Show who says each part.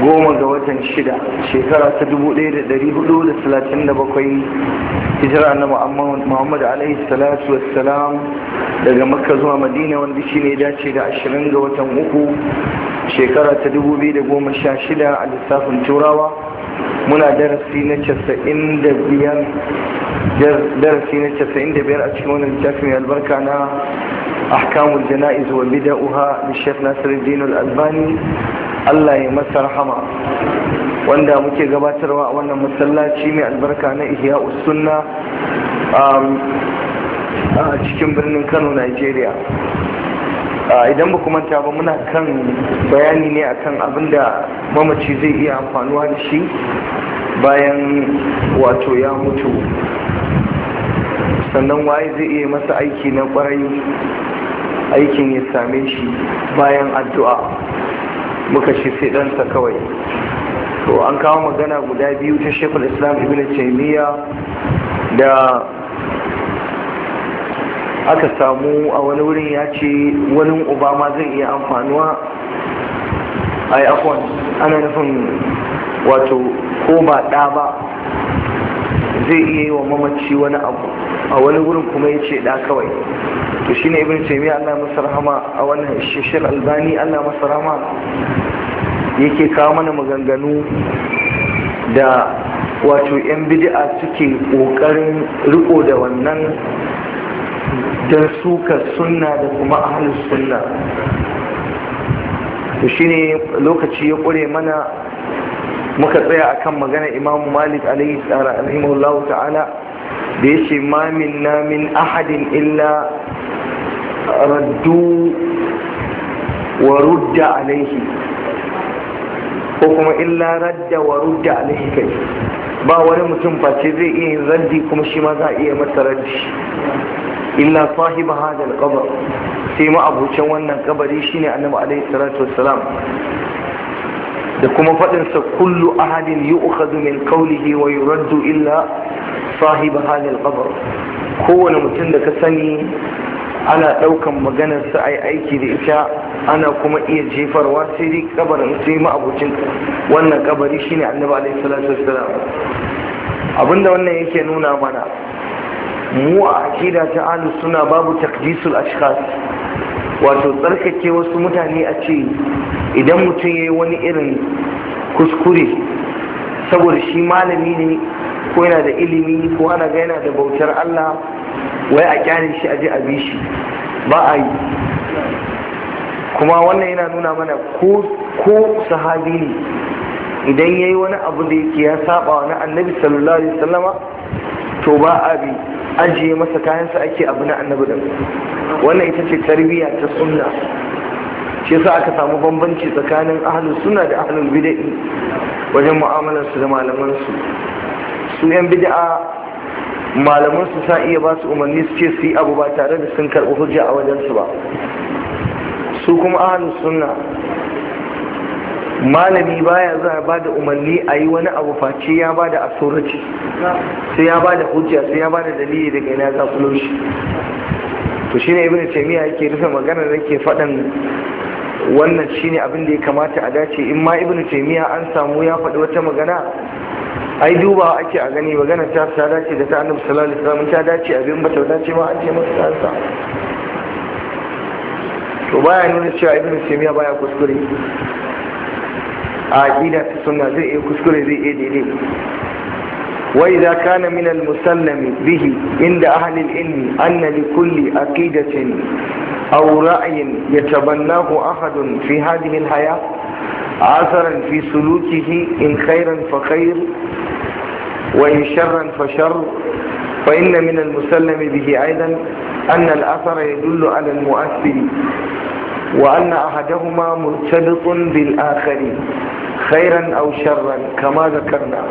Speaker 1: goma ga watan shida shekara ta dubu ɗaya da ɗari hudu da talatin da bakwai hijira na muhammadu alaihi salatu wassalam daga maka zuwa madina wanda shi ne dace da ashirin ga watan uku shekara ta dubu biyu da goma sha shida a lissafin turawa muna darasi na casa'in da biyar darasi na casa'in da biyar a cikin wani littafi mai albarka na ahkamul jana'iz wa bida'uha da shekh nasiruddin al-albani Allah ya masa rahama wanda muke gabatarwa a wannan masallaci mai albarka na ihya usunna um, a cikin birnin kano nigeria idan ba manta ba muna kan bayani ne akan abin da mamaci zai iya amfanuwa da shi bayan wato ya mutu sannan waye zai iya masa aiki na kwarai aikin ya same shi bayan addu'a muka shi ɗansa kawai to an kawo magana guda biyu ta shekul islam ibn taimiyya da aka samu a wani wurin ya ce wani uba ma zai iya amfanuwa a yi ana nufin wato ko ba ɗa ba zai iya yi wa mamaci wani abu a wani wurin kuma ya ce da kawai to ne ibn taimi Allah masa rahama a wannan shishir albani Allah masa rahama yake kawo mana maganganu da wato yan bidi'a suke ƙoƙarin riko da wannan dan suka sunna da kuma ahlus sunna to shi ne lokaci ya kure mana muka tsaya akan magana imamu malik alaihi alhimu ta'ala da ya mamin namin ahadin illa raddu wa rudda alaihi ko kuma illa radda wa rudda alaihi kai ba wani mutum face zai iya yin raddi kuma shi ma za a iya mata raddi illa sahiba hada alqabar sai ma abucin wannan kabari shine annabi alaihi salatu wassalam da kuma faɗinsa kullu ahadin yu'khadhu min qawlihi wa yuraddu illa sahib halin qabr kowane mutum da ka sani ana ɗaukan maganar sa ai aiki da ita ana kuma iya wa sai dai kabarin sai ma'abucin wannan kabari shine annabi alayhi salatu wassalam abinda wannan yake nuna mana mu a akida ta ahlus sunna babu taqdisul ashkhas wato tsarkake wasu mutane a ce idan mutum yayi wani irin kuskure saboda shi malami ne ko yana da ilimi ko ana ga yana da bautar Allah wai a kyale shi aje a bi shi ba a yi kuma wannan yana nuna mana ko sahabi ne idan yayi wani abu da yake ya saba wa annabi sallallahu alaihi wasallama to ba a bi ajiye masa kayan kayansa ake abu na annabi din wannan ita ce tarbiyya ta sunna shi yasa aka samu bambanci tsakanin ahlus sunna da ahlul bid'ah wajen mu'amalar su da malaman su su yan bid'a malaman su sa iya ba su umarni su ce su yi abu ba tare da sun karɓi hujja a wajensu ba su kuma ahlus sunna malami baya za ba bada umarni a yi wani abu face ya bada asoraci sai ya bada hujja sai ya bada dalili daga ina za shi to shine Ibn taymiya yake rufe magana da yake faɗan wannan shine abin da ya kamata a dace in ma Ibn taymiya an samu ya faɗi wata magana ai duba ake a gani magana ta ta dace da ta annabi sallallahu alaihi wasallam ta dace abin ba ta dace ma an ce masa ta sa to baya nuna cewa ibnu taymiya baya kuskure a aqida ta sunna zai iya kuskure zai iya daidai وإذا كان من المسلم به عند أهل العلم أن لكل عقيدة أو رأي يتبناه أحد في هذه الحياة fi في سلوكه إن خيرا فخير وإن شرا فشر فإن من المسلم به أيضا أن الأثر يدل على المؤثر وأن أحدهما مرتبط بالآخر خيرا أو شرا كما ذكرنا